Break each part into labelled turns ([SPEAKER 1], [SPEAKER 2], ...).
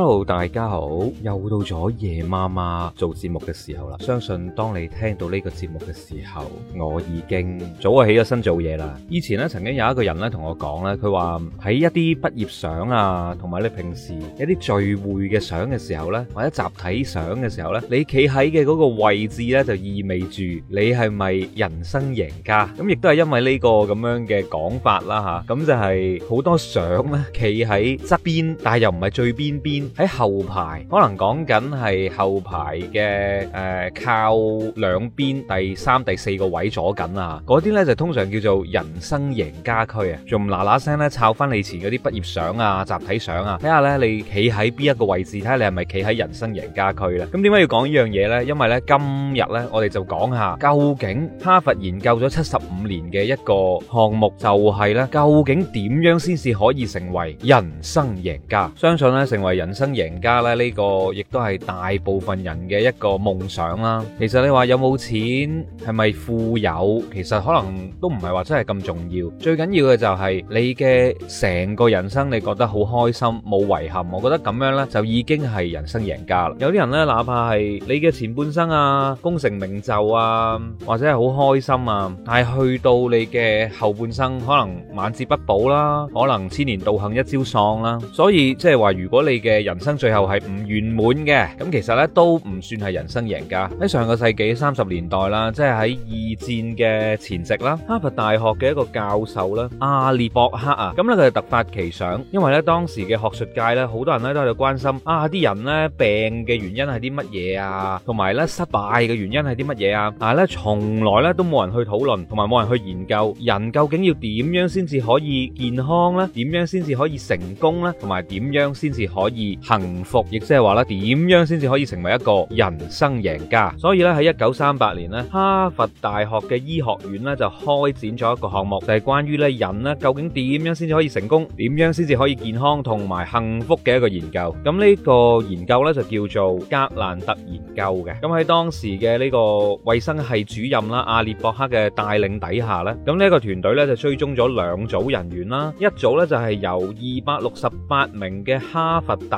[SPEAKER 1] hello，大家好，又到咗夜媽媽做節目嘅時候啦。相信當你聽到呢個節目嘅時候，我已經早就起咗身做嘢啦。以前咧，曾經有一個人咧同我講咧，佢話喺一啲畢業相啊，同埋你平時一啲聚會嘅相嘅時候咧，或者集體相嘅時候咧，你企喺嘅嗰個位置咧，就意味住你係咪人生贏家？咁亦都係因為呢個咁樣嘅講法啦吓。咁就係好多相咧，企喺側邊，但係又唔係最邊邊。喺後排可能講緊係後排嘅誒靠兩邊第三、第四個位坐緊啊，嗰啲咧就通常叫做人生贏家區啊，仲唔嗱嗱聲咧摷翻你前嗰啲畢業相啊、集體相啊，睇下咧你企喺邊一個位置，睇下你係咪企喺人生贏家區咧？咁點解要講呢樣嘢咧？因為咧今日咧我哋就講下究竟哈佛研究咗七十五年嘅一個項目就係咧，究竟點樣先至可以成為人生贏家？相信咧成為人生贏家咧，呢個亦都係大部分人嘅一個夢想啦。其實你話有冇錢，係咪富有，其實可能都唔係話真係咁重要。最緊要嘅就係你嘅成個人生，你覺得好開心，冇遺憾。我覺得咁樣咧，就已經係人生贏家啦。有啲人咧，哪怕係你嘅前半生啊，功成名就啊，或者係好開心啊，但係去到你嘅後半生，可能晚節不保啦，可能千年道行一朝喪啦。所以即係話，如果你嘅人生最後係唔圓滿嘅，咁其實咧都唔算係人生贏家。喺上個世紀三十年代啦，即係喺二戰嘅前夕啦，哈佛大學嘅一個教授啦，阿列博克啊，咁咧佢就突發奇想，因為咧當時嘅學術界咧，好多人咧都喺度關心啊啲人咧病嘅原因係啲乜嘢啊，同埋咧失敗嘅原因係啲乜嘢啊，但係咧從來咧都冇人去討論，同埋冇人去研究人究竟要點樣先至可以健康咧，點樣先至可以成功咧，同埋點樣先至可以幸福，亦即係話咧，點樣先至可以成為一個人生贏家？所以咧喺一九三八年咧，哈佛大學嘅醫學院咧就開展咗一個項目，就係關於咧人咧究竟點樣先至可以成功，點樣先至可以健康同埋幸福嘅一個研究。咁呢個研究咧就叫做格蘭特研究嘅。咁喺當時嘅呢個衛生系主任啦，阿列博克嘅帶領底下咧，咁呢個團隊咧就追蹤咗兩組人員啦，一組咧就係由二百六十八名嘅哈佛大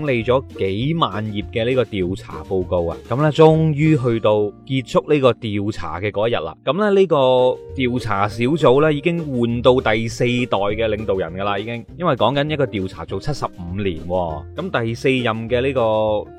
[SPEAKER 1] 整理咗幾萬頁嘅呢個調查報告啊，咁咧終於去到結束呢個調查嘅嗰一日啦。咁咧呢個調查小組呢，已經換到第四代嘅領導人噶啦，已經，因為講緊一個調查做七十五年。咁第四任嘅呢個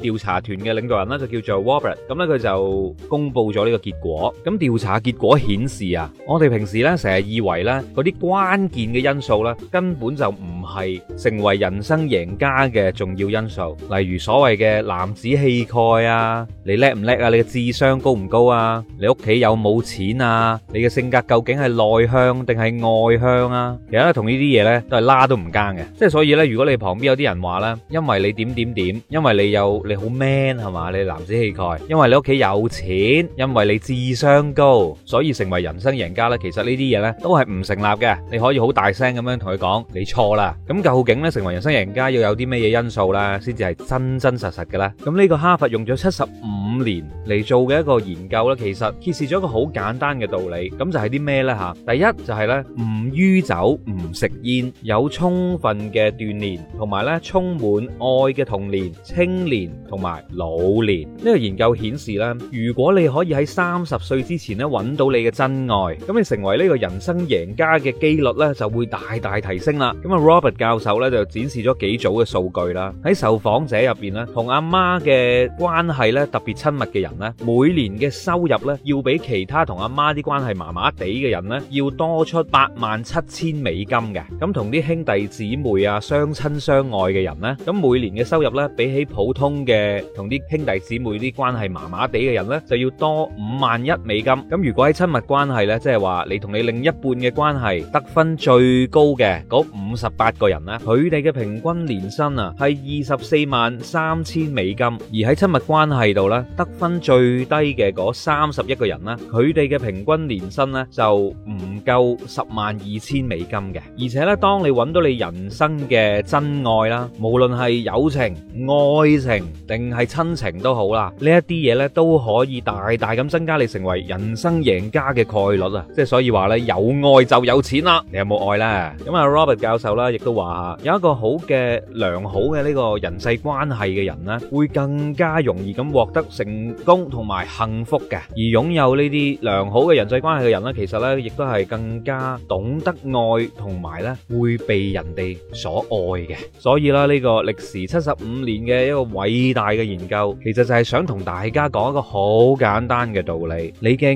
[SPEAKER 1] 調查團嘅領導人呢，就叫做 Warbert。咁咧佢就公布咗呢個結果。咁調查結果顯示啊，我哋平時呢，成日以為呢嗰啲關鍵嘅因素呢，根本就唔係成為人生贏家嘅重要因素。例如所謂嘅男子氣概啊，你叻唔叻啊？你嘅智商高唔高啊？你屋企有冇錢啊？你嘅性格究竟係內向定係外向啊？其實咧同呢啲嘢咧都係拉都唔更嘅，即係所以咧，如果你旁邊有啲人話咧，因為你點點點，因為你有你好 man 係嘛，你男子氣概，因為你屋企有錢，因為你智商高，所以成為人生贏家咧。其實呢啲嘢咧都係唔成立嘅。你可以好大聲咁樣同佢講，你錯啦。咁究竟咧成為人生贏家要有啲咩嘢因素咧？先至係真真實實嘅啦。咁呢個哈佛用咗七十五年嚟做嘅一個研究咧，其實揭示咗一個好簡單嘅道理，咁就係啲咩咧吓？第一就係咧唔酗酒、唔食煙，有充分嘅鍛煉，同埋咧充滿愛嘅童年、青年同埋老年。呢個研究顯示咧，如果你可以喺三十歲之前咧揾到你嘅真愛，咁你成為呢個人生贏家嘅幾率咧就會大大提升啦。咁啊，Robert 教授咧就展示咗幾組嘅數據啦。喺受訪者入邊咧，同阿媽嘅關係咧特別親。親密嘅人咧，每年嘅收入咧，要比其他同阿媽啲關係麻麻地嘅人咧，要多出八萬七千美金嘅。咁同啲兄弟姊妹啊，相親相愛嘅人咧，咁每年嘅收入咧，比起普通嘅同啲兄弟姊妹啲關係麻麻地嘅人咧，就要多五萬一美金。咁如果喺親密關係咧，即係話你同你另一半嘅關係得分最高嘅嗰五十八個人咧，佢哋嘅平均年薪啊係二十四萬三千美金，而喺親密關係度咧，得分最低嘅嗰三十一個人啦，佢哋嘅平均年薪咧就唔夠十萬二千美金嘅。而且咧，當你揾到你人生嘅真愛啦，無論係友情、愛情定係親情都好啦，呢一啲嘢咧都可以大大咁增加你成為人生贏家嘅概率啊！即係所以話咧，有愛就有錢啦。你有冇愛咧？咁啊，Robert 教授啦，亦都話有一個好嘅良好嘅呢個人際關係嘅人咧，會更加容易咁獲得。成功同埋幸福嘅，而擁有呢啲良好嘅人際關係嘅人咧，其實咧亦都係更加懂得愛同埋咧會被人哋所愛嘅。所以啦，呢個歷時七十五年嘅一個偉大嘅研究，其實就係想同大家講一個好簡單嘅道理，你嘅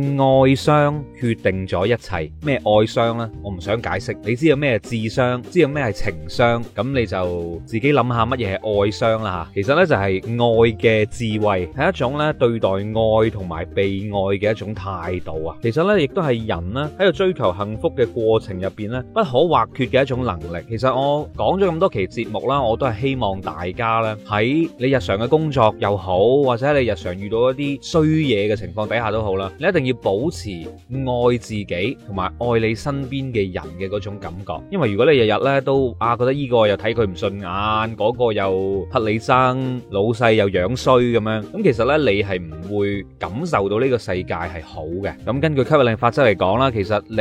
[SPEAKER 1] 愛商決定咗一切。咩愛商咧？我唔想解釋。你知道咩智商？知道咩係情商？咁你就自己諗下乜嘢係愛商啦吓。其實咧就係愛嘅智慧係一種。咧對待愛同埋被愛嘅一種態度啊，其實咧亦都係人呢喺度追求幸福嘅過程入邊咧不可或缺嘅一種能力。其實我講咗咁多期節目啦,我都係希望大家咧喺你日常嘅工作又好，或者你日常遇到一啲衰嘢嘅情況底下都好啦，你一定要保持愛自己同埋愛你身邊嘅人嘅嗰種感覺。因為如果你日日咧都啊覺得呢個又睇佢唔順眼，嗰個又乞你憎，老細又樣衰咁樣，咁其實呢。你係唔會感受到呢個世界係好嘅。咁根據吸引力法則嚟講啦，其實你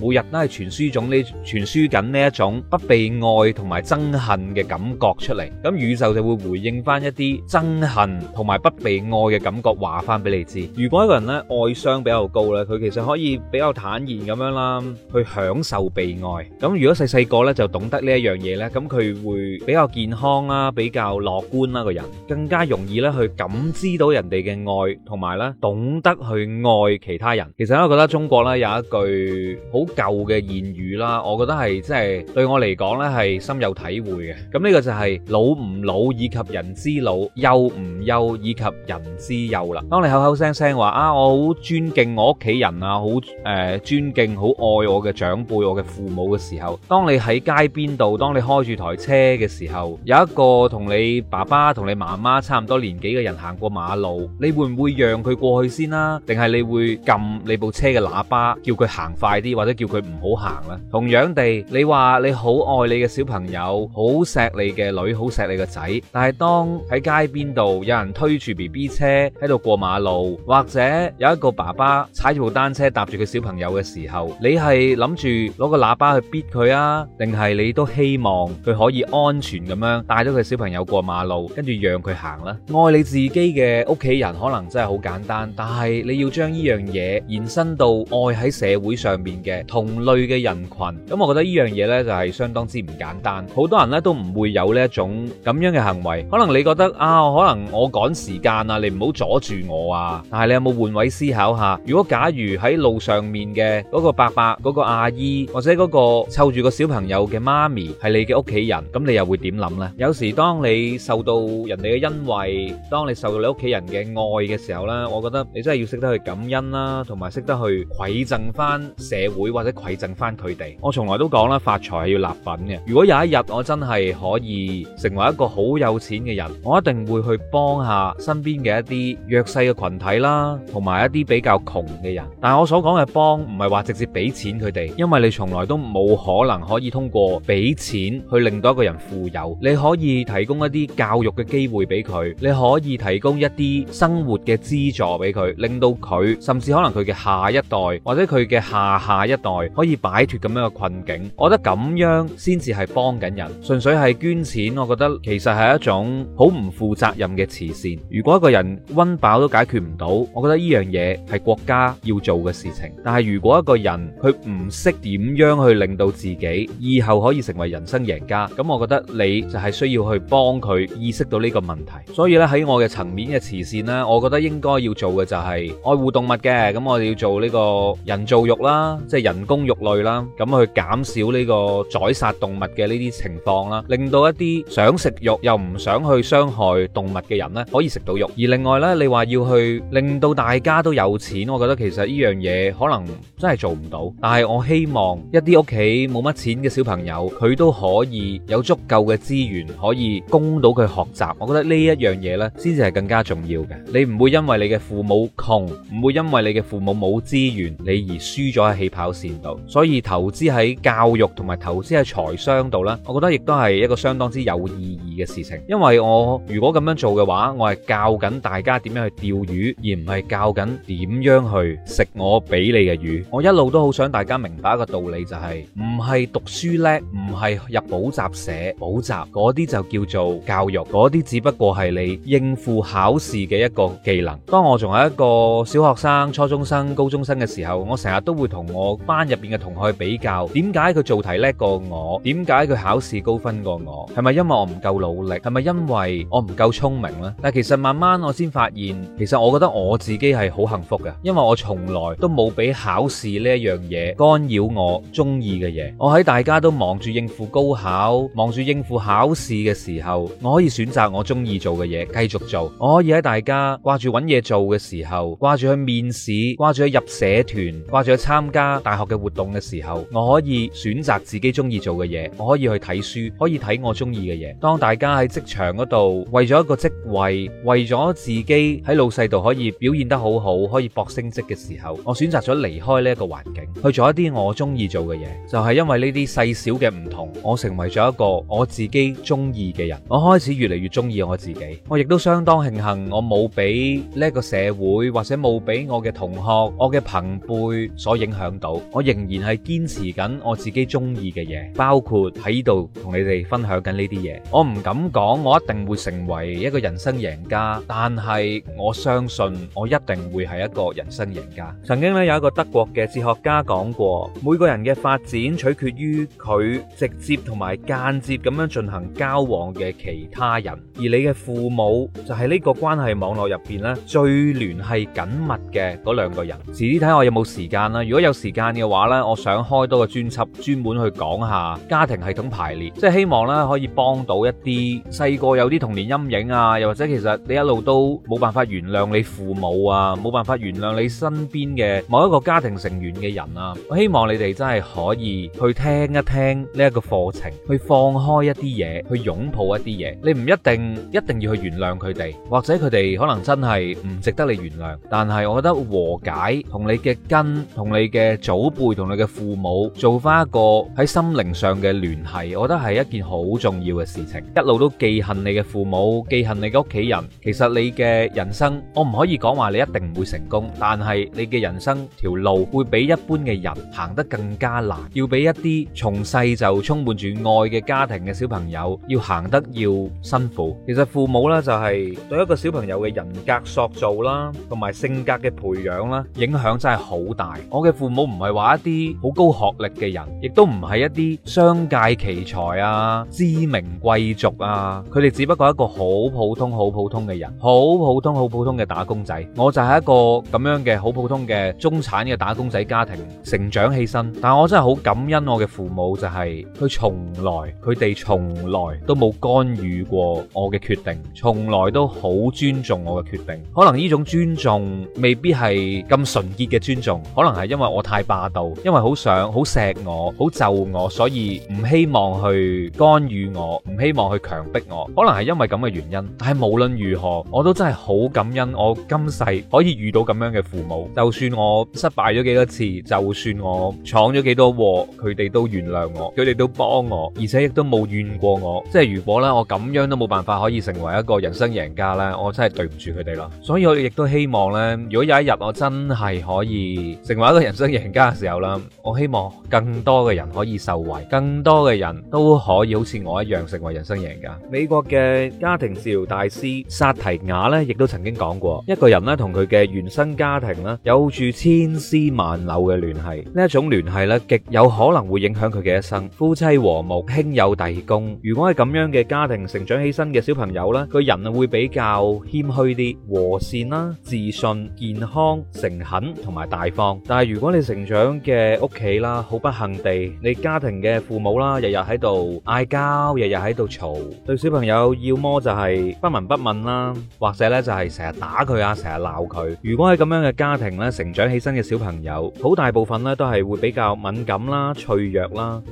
[SPEAKER 1] 每日都係傳輸種呢傳輸緊呢一種不被愛同埋憎恨嘅感覺出嚟，咁宇宙就會回應返一啲憎恨同埋不被愛嘅感覺，話返俾你知。如果一個人呢愛商比較高啦，佢其實可以比較坦然咁樣啦，去享受被愛。咁如果細細個呢就懂得呢一樣嘢呢，咁佢會比較健康啦，比較樂觀啦，個人更加容易呢去感知到人。你嘅愛同埋咧，懂得去愛其他人。其實咧，我覺得中國咧有一句好舊嘅諺語啦，我覺得係即係對我嚟講咧係深有體會嘅。咁呢個就係老唔老以及人之老，幼唔幼以及人之幼啦。當你口口聲聲話啊，我好尊敬我屋企人啊，好誒、呃、尊敬好愛我嘅長輩、我嘅父母嘅時候，當你喺街邊度，當你開住台車嘅時候，有一個同你爸爸同你媽媽差唔多年紀嘅人行過馬路。你會唔會讓佢過去先啦，啊？定係你會撳你部車嘅喇叭，叫佢行快啲，或者叫佢唔好行啦？同樣地，你話你好愛你嘅小朋友，好錫你嘅女，好錫你個仔。但係當喺街邊度有人推住 BB 車喺度過馬路，或者有一個爸爸踩住部單車搭住佢小朋友嘅時候，你係諗住攞個喇叭去逼佢啊？定係你都希望佢可以安全咁樣帶咗佢小朋友過馬路，跟住讓佢行啦？愛你自己嘅屋企嘅人可能真係好簡單，但係你要將呢樣嘢延伸到愛喺社會上面嘅同類嘅人群，咁我覺得呢樣嘢呢就係相當之唔簡單。好多人呢都唔會有呢一種咁樣嘅行為。可能你覺得啊，可能我趕時間啊，你唔好阻住我啊。但係你有冇換位思考下？如果假如喺路上面嘅嗰個伯伯、嗰個阿姨，或者嗰個湊住個小朋友嘅媽咪係你嘅屋企人，咁你又會點諗呢？有時當你受到人哋嘅恩惠，當你受到你屋企人嘅。愛嘅時候咧，我覺得你真係要識得去感恩啦，同埋識得去饋贈翻社會或者饋贈翻佢哋。我從來都講啦，發財係要立品嘅。如果有一日我真係可以成為一個好有錢嘅人，我一定會去幫下身邊嘅一啲弱勢嘅群體啦，同埋一啲比較窮嘅人。但係我所講嘅幫唔係話直接俾錢佢哋，因為你從來都冇可能可以通過俾錢去令到一個人富有。你可以提供一啲教育嘅機會俾佢，你可以提供一啲。生活嘅資助俾佢，令到佢甚至可能佢嘅下一代或者佢嘅下下一代可以擺脫咁樣嘅困境。我覺得咁樣先至係幫緊人。純粹係捐錢，我覺得其實係一種好唔負責任嘅慈善。如果一個人溫飽都解決唔到，我覺得呢樣嘢係國家要做嘅事情。但係如果一個人佢唔識點樣去令到自己以後可以成為人生贏家，咁我覺得你就係需要去幫佢意識到呢個問題。所以咧喺我嘅層面嘅慈善。啦，我覺得應該要做嘅就係愛護動物嘅，咁我哋要做呢個人造肉啦，即係人工肉類啦，咁去減少呢個宰殺動物嘅呢啲情況啦，令到一啲想食肉又唔想去傷害動物嘅人呢，可以食到肉。而另外呢，你話要去令到大家都有錢，我覺得其實呢樣嘢可能真係做唔到。但係我希望一啲屋企冇乜錢嘅小朋友，佢都可以有足夠嘅資源可以供到佢學習。我覺得呢一樣嘢呢，先至係更加重要。你唔會因為你嘅父母窮，唔會因為你嘅父母冇資源，你而輸咗喺起跑線度。所以投資喺教育同埋投資喺財商度咧，我覺得亦都係一個相當之有意義嘅事情。因為我如果咁樣做嘅話，我係教緊大家點樣去釣魚，而唔係教緊點樣去食我俾你嘅魚。我一路都好想大家明白一個道理，就係唔係讀書叻，唔係入補習社補習嗰啲就叫做教育，嗰啲只不過係你應付考試嘅一個技能。當我仲係一個小學生、初中生、高中生嘅時候，我成日都會同我班入邊嘅同學去比較，點解佢做題叻過我？點解佢考試高分過我？係咪因為我唔夠努力？係咪因為我唔夠聰明呢？但其實慢慢我先發現，其實我覺得我自己係好幸福嘅，因為我從來都冇俾考試呢一樣嘢干擾我中意嘅嘢。我喺大家都忙住應付高考、忙住應付考試嘅時候，我可以選擇我中意做嘅嘢繼續做。我可以喺大。家掛住揾嘢做嘅時候，掛住去面試，掛住去入社團，掛住去參加大學嘅活動嘅時候，我可以選擇自己中意做嘅嘢，我可以去睇書，可以睇我中意嘅嘢。當大家喺職場嗰度為咗一個職位，為咗自己喺老細度可以表現得好好，可以搏升職嘅時候，我選擇咗離開呢一個環境，去做一啲我中意做嘅嘢，就係因為呢啲細小嘅唔同，我成為咗一個我自己中意嘅人，我開始越嚟越中意我自己，我亦都相當慶幸我。冇俾呢個社會或者冇俾我嘅同學、我嘅朋輩所影響到，我仍然係堅持緊我自己中意嘅嘢，包括喺度同你哋分享緊呢啲嘢。我唔敢講我一定會成為一個人生贏家，但係我相信我一定會係一個人生贏家。曾經呢有一個德國嘅哲學家講過，每個人嘅發展取決於佢直接同埋間接咁樣進行交往嘅其他人，而你嘅父母就係呢個關係，網絡入邊咧最聯繫緊密嘅嗰兩個人，遲啲睇下我有冇時間啦。如果有時間嘅話咧，我想開多個專輯專門去講下家庭系統排列，即係希望咧可以幫到一啲細個有啲童年陰影啊，又或者其實你一路都冇辦法原諒你父母啊，冇辦法原諒你身邊嘅某一個家庭成員嘅人啊。我希望你哋真係可以去聽一聽呢一個課程，去放開一啲嘢，去擁抱一啲嘢。你唔一定一定要去原諒佢哋，或者佢哋。可能真係唔值得你原諒，但係我覺得和解同你嘅根、同你嘅祖輩、同你嘅父母做翻一個喺心靈上嘅聯繫，我覺得係一件好重要嘅事情。一路都記恨你嘅父母、記恨你嘅屋企人，其實你嘅人生我唔可以講話你一定唔會成功，但係你嘅人生條路會比一般嘅人行得更加難，要比一啲從細就充滿住愛嘅家庭嘅小朋友要行得要辛苦。其實父母咧就係對一個小朋友嘅人格塑造啦，同埋性格嘅培養啦，影響真係好大。我嘅父母唔係話一啲好高學歷嘅人，亦都唔係一啲商界奇才啊、知名貴族啊，佢哋只不過一個好普通、好普通嘅人，好普通、好普通嘅打工仔。我就係一個咁樣嘅好普通嘅中產嘅打工仔家庭成長起身。但我真係好感恩我嘅父母，就係，就係佢從來，佢哋從來都冇干預過我嘅決定，從來都好尊重我嘅決定，可能呢種尊重未必係咁純潔嘅尊重，可能係因為我太霸道，因為好想好錫我，好就我，所以唔希望去干預我，唔希望去強迫我。可能係因為咁嘅原因，但係無論如何，我都真係好感恩我今世可以遇到咁樣嘅父母。就算我失敗咗幾多次，就算我闖咗幾多禍，佢哋都原諒我，佢哋都幫我，而且亦都冇怨過我。即係如果咧我咁樣都冇辦法可以成為一個人生贏家咧，我真係。對唔住佢哋咯，所以我哋亦都希望咧，如果有一日我真係可以成為一個人生贏家嘅時候啦，我希望更多嘅人可以受惠，更多嘅人都可以好似我一樣成為人生贏家。美國嘅家庭治療大師薩提亞咧，亦都曾經講過，一個人咧同佢嘅原生家庭咧有住千絲萬縷嘅聯繫，呢一種聯繫咧極有可能會影響佢嘅一生。夫妻和睦，兄友弟恭，如果係咁樣嘅家庭成長起身嘅小朋友咧，佢人啊會比較。謙虛啲、和善啦、自信、健康、誠懇同埋大方。但係如果你成長嘅屋企啦，好不幸地，你家庭嘅父母啦，日日喺度嗌交，日日喺度嘈，對小朋友，要麼就係不聞不問啦，或者咧就係成日打佢啊，成日鬧佢。如果喺咁樣嘅家庭咧成長起身嘅小朋友，好大部分咧都係會比較敏感啦、脆弱啦。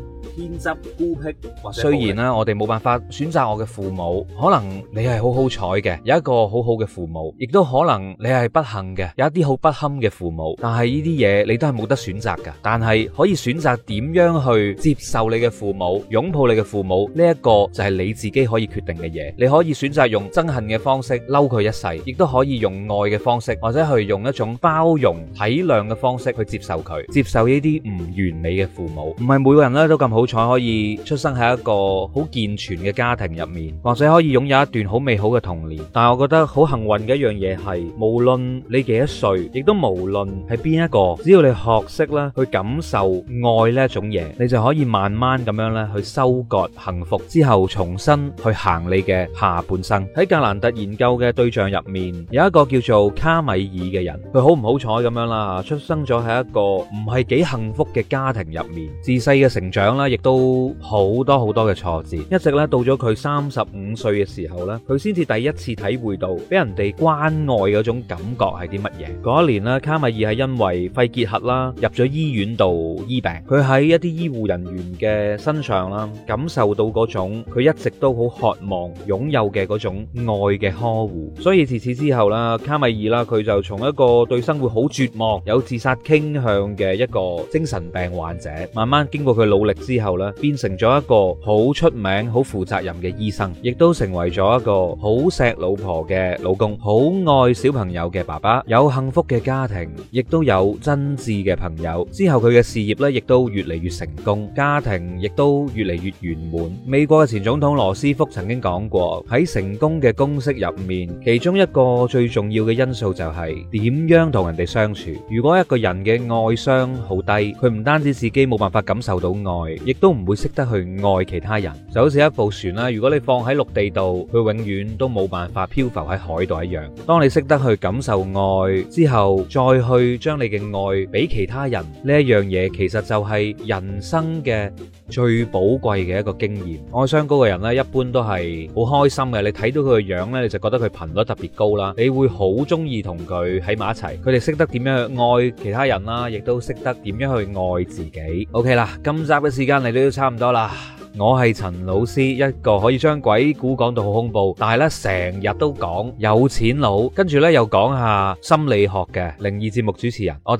[SPEAKER 1] 偏執、孤僻，雖然咧，我哋冇辦法選擇我嘅父母，可能你係好好彩嘅，有一個好好嘅父母，亦都可能你係不幸嘅，有一啲好不堪嘅父母。但係呢啲嘢你都係冇得選擇噶，但係可以選擇點樣去接受你嘅父母，擁抱你嘅父母，呢一個就係你自己可以決定嘅嘢。你可以選擇用憎恨嘅方式嬲佢一世，亦都可以用愛嘅方式，或者去用一種包容、體諒嘅方式去接受佢，接受呢啲唔完美嘅父母。唔係每個人咧都咁好，才可以出生喺一個好健全嘅家庭入面，或者可以擁有一段好美好嘅童年。但係我覺得好幸運嘅一樣嘢係，無論你幾多歲，亦都無論係邊一個，只要你學識咧去感受愛呢一種嘢，你就可以慢慢咁樣咧去收割幸福，之後重新去行你嘅下半生。喺格蘭特研究嘅對象入面，有一個叫做卡米爾嘅人，佢好唔好彩咁樣啦，出生咗喺一個唔係幾幸福嘅家庭入面，自細嘅成長啦，都好多好多嘅挫折，一直咧到咗佢三十五歲嘅時候咧，佢先至第一次體會到俾人哋關愛嗰種感覺係啲乜嘢。嗰一年咧，卡米爾係因為肺結核啦入咗醫院度醫病，佢喺一啲醫護人員嘅身上啦感受到嗰種佢一直都好渴望擁有嘅嗰種愛嘅呵護。所以自此之後啦，卡米爾啦佢就從一個對生活好絕望、有自殺傾向嘅一個精神病患者，慢慢經過佢努力之。之後咧，變成咗一個好出名、好負責任嘅醫生，亦都成為咗一個好錫老婆嘅老公、好愛小朋友嘅爸爸，有幸福嘅家庭，亦都有真摯嘅朋友。之後佢嘅事業咧，亦都越嚟越成功，家庭亦都越嚟越圓滿。美國嘅前總統羅斯福曾經講過，喺成功嘅公式入面，其中一個最重要嘅因素就係點樣同人哋相處。如果一個人嘅愛商好低，佢唔單止自己冇辦法感受到愛，亦都唔會識得去愛其他人，就好似一部船啦。如果你放喺陸地度，佢永遠都冇辦法漂浮喺海度一樣。當你識得去感受愛之後，再去將你嘅愛俾其他人呢一樣嘢，其實就係人生嘅最寶貴嘅一個經驗。愛商高嘅人呢，一般都係好開心嘅。你睇到佢嘅樣呢，你就覺得佢頻率特別高啦。你會好中意同佢喺埋一齊。佢哋識得點樣去愛其他人啦，亦都識得點樣去愛自己。OK 啦，今集嘅時間。你都差唔多啦，我係陳老師，一個可以將鬼故講到好恐怖，但係咧成日都講有錢佬，跟住咧又講下心理學嘅靈異節目主持人。我。